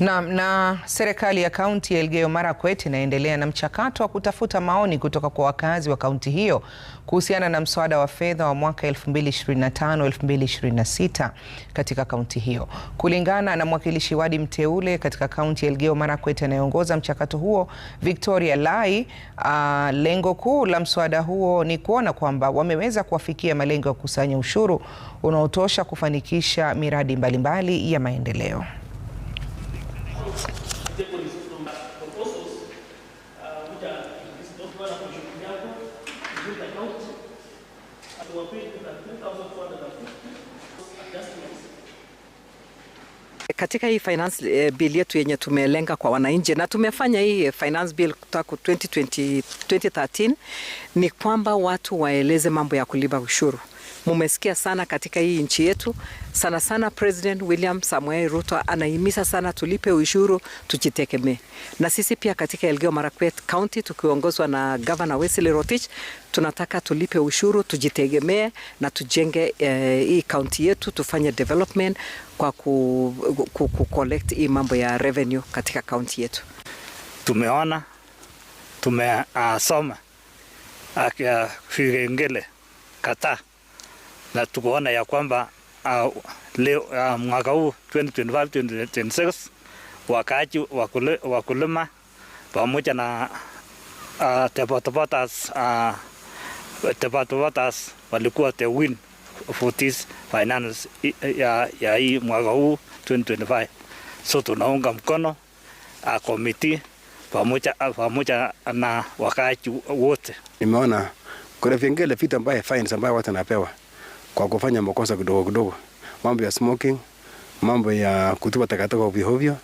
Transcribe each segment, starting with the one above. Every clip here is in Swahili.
Na, na serikali ya kaunti ya Elgeyo Marakwet inaendelea na mchakato wa kutafuta maoni kutoka kwa wakazi wa kaunti hiyo kuhusiana na mswada wa fedha wa mwaka 2025-2026 katika kaunti hiyo. Kulingana na mwakilishi wadi mteule katika kaunti ya Elgeyo Marakwet anayeongoza mchakato huo, Victoria Lai, uh, lengo kuu la mswada huo ni kuona kwamba wameweza kuwafikia malengo ya kukusanya ushuru unaotosha kufanikisha miradi mbalimbali mbali ya maendeleo katika hii finance eh, bill yetu yenye tumelenga kwa wananchi na tumefanya hii finance bill kutoka 2020, 2013 ni kwamba watu waeleze mambo ya kulipa ushuru mumesikia sana katika hii nchi yetu. Sana sana President William Samoei Ruto anahimiza sana tulipe ushuru, tujitegemee. Na sisi pia katika Elgeyo Marakwet County tukiongozwa na Governor Wesley Rotich tunataka tulipe ushuru, tujitegemee na tujenge eh, hii kaunti yetu, tufanye development kwa ku, ku, ku collect hii mambo ya revenue katika kaunti yetu. Tumeona tumeasoma akia ah, uh, vipengele na tukaona ya kwamba ah, leo, uh, mwaka huu 2025 2026 wakaaji wakulima pamoja na uh, ah, tepotopotas uh, tepotopotas walikuwa the win for this finance ya, ya hii mwaka huu 2025. So tunaunga mkono uh, komiti pamoja pamoja na wakaaji wote. Nimeona kuna vingine vitu ambaye fines ambaye watu wanapewa kwa kufanya makosa kidogo kidogo, mambo ya smoking, mambo ya kutupa takataka ovyo ovyo,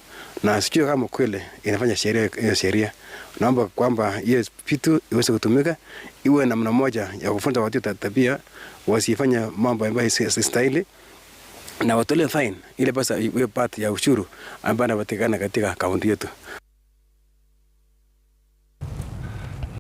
na sijui kama kweli inafanya sheria hiyo sheria. Naomba kwamba hiyo vitu iweze kutumika, iwe namna moja ya kufunza watu tabia, wasifanya mambo ambayo sistahili na watolee fine ile pesa, ile part ya ushuru ambayo inapatikana katika kaunti yetu.